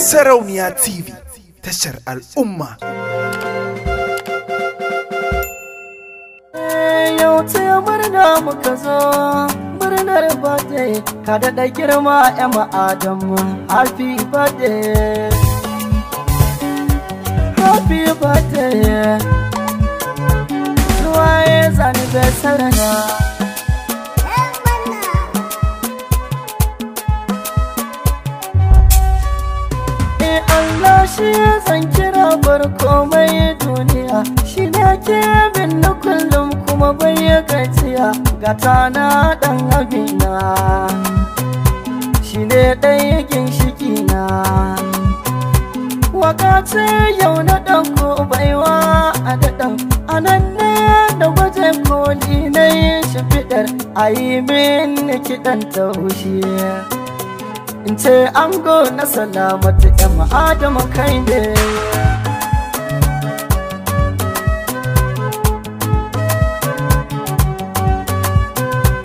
Sarauniya TV tashar al'umma. Yau ta murna muka zo murnar birthday ka daɗa girma Emma Adamu happy birthday happy birthday Ruwaye zane bai sarana Allah shi zan kira bar komai duniya Shi ne ke bin na kullum kuma bai ya gajiya Gata na ɗan abina Shi ne ɗaya ginshiki na Waka yau na ɗauko baiwa a daɗan Anan ne da gwaje koli na yin shimfiɗar A yi min kiɗan taushe in ce an na salamatu yan adamu kai ne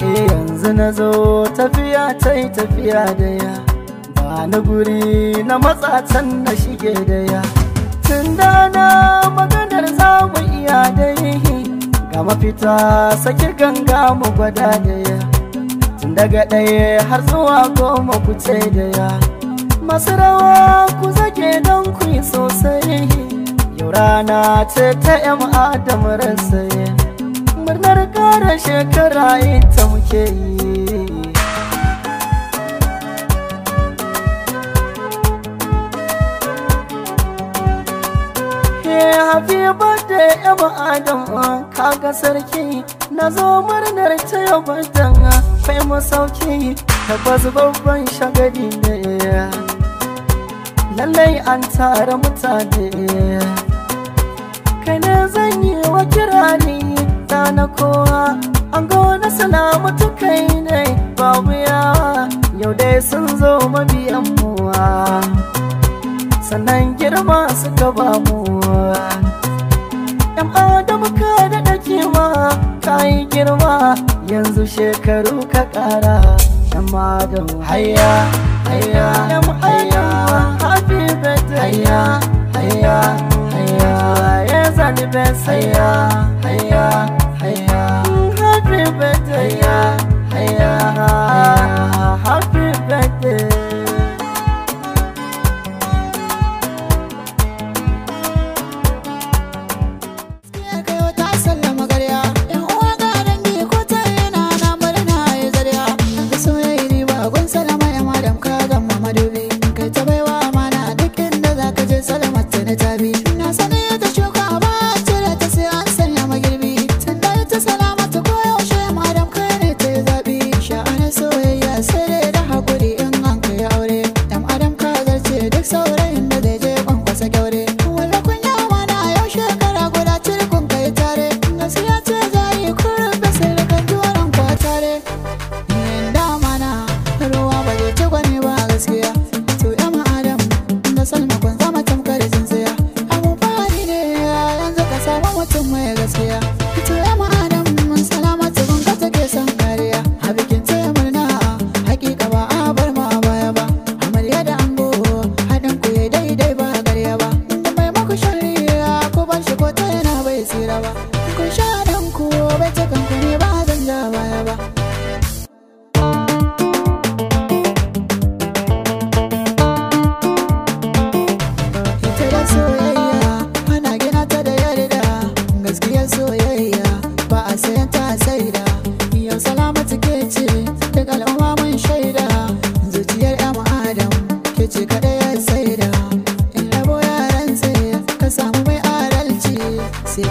e, yanzu na zo tafiya ta yi tafiya da ba na guri na matsatan na shige daya. ya tun da na maganar zamu iya da yi ga mafita sake ganga mu gwada da daga ɗaya har zuwa goma ku ce da ya masu rawa ku zage don ku yi sosai yau rana ce ta yan adam rasaye murnar ƙara shekara ita muke yi ce habiba da yaba adam kaga sarki na zo murnar ta yaba dan kai masauki tabbas babban shagali ne lallai an tara mutane kai ne zan yi wa kirani na kowa an gona suna mutu kai ne babu yawa yau dai sun zo mabiyan muwa sannan girma suka ba mu shekaru ka kara yan madan hayya hayya ya hayya happy birthday hayya hayya hayya ya zani best haya. hayya samu mutum mai gaskiya ita ya ma'adam mun salamatu kun ka take son kariya a bikin taya ya murna hakika ba a bar ma a baya ba amarya da ango haɗin ku ya daidai ba a garya ba mai maku shari'a ko ban shi ko ta yana bai tsira ba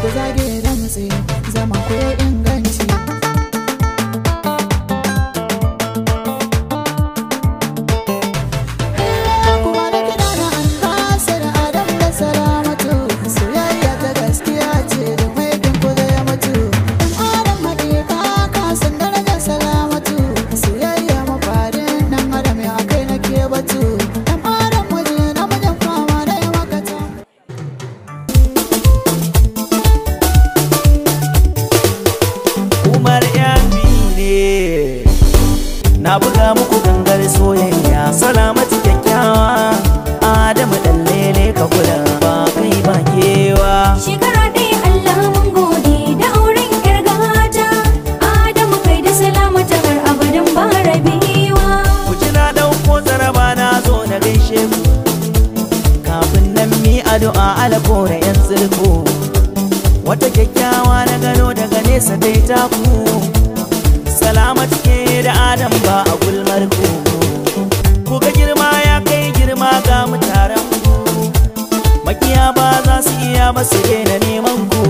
da zage na matsayi zama ko in ta ku salama ke da adam ba a gulmar ku ku ga girma ya kai girma ga mu ku makiya ba za su iya ba su daina neman ku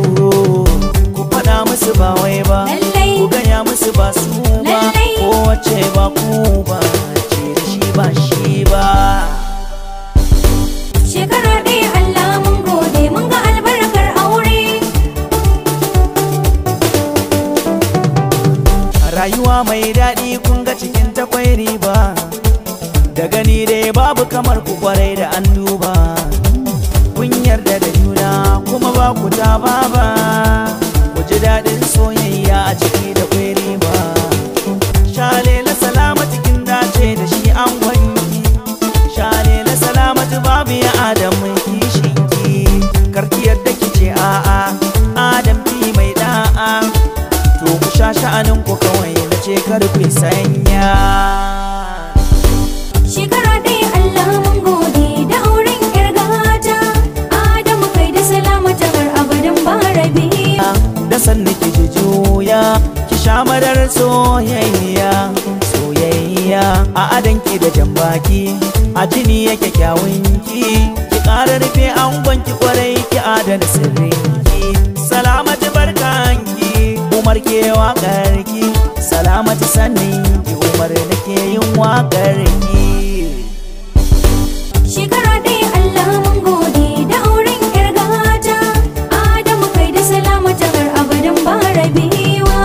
ku faɗa musu ba wai ba ku ganya musu ba su ba wace ba ku ba ce da shi ba shi ba rayuwa mai daɗi kun ga cikin takwai riba da gani dai babu kamar ku kwarai da an duba kun yarda da juna kuma ba ku ta ba ku ku sha sha'anin ku kawai na ce kar ku sanya shekara ɗaya Allah mun gode da auren yar gata Adamu kai da salamata har abadan ba rabi da ki ji juya ki sha madar soyayya soyayya a adanki da jan baki a jini yake kyawunki ki ƙara rufe angon ki kwarai ki adana sirrinki salamatu umar ke waƙar ki salamatu sanin ki umar nake yin waƙar ki shekara ɗaya Allah mun da auren ƙirga gata Adamu kai da salamatu har abadan ba rabewa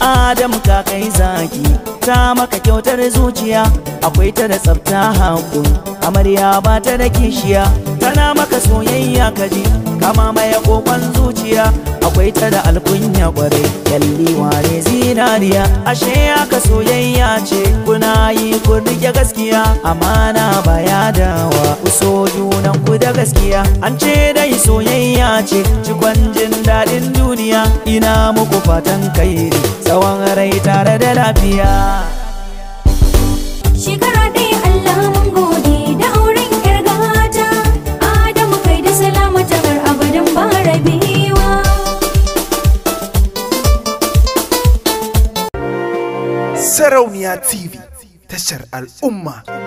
Adamu ka kai zaki ta maka kyautar zuciya akwai ta da tsafta hagu. amarya ba ta da kishiya tana maka soyayya kaji kama mai kokon zuciya akwai ta da alkunya kware Yalli ware zinariya ashe aka soyayya ce kuna yi kun rike gaskiya amana ba ya dawa ku so junan ku da gaskiya an ce dai soyayya ce cikon jin daɗin duniya ina muku fatan kairi tsawon rai tare da lafiya TV, tashar al'umma.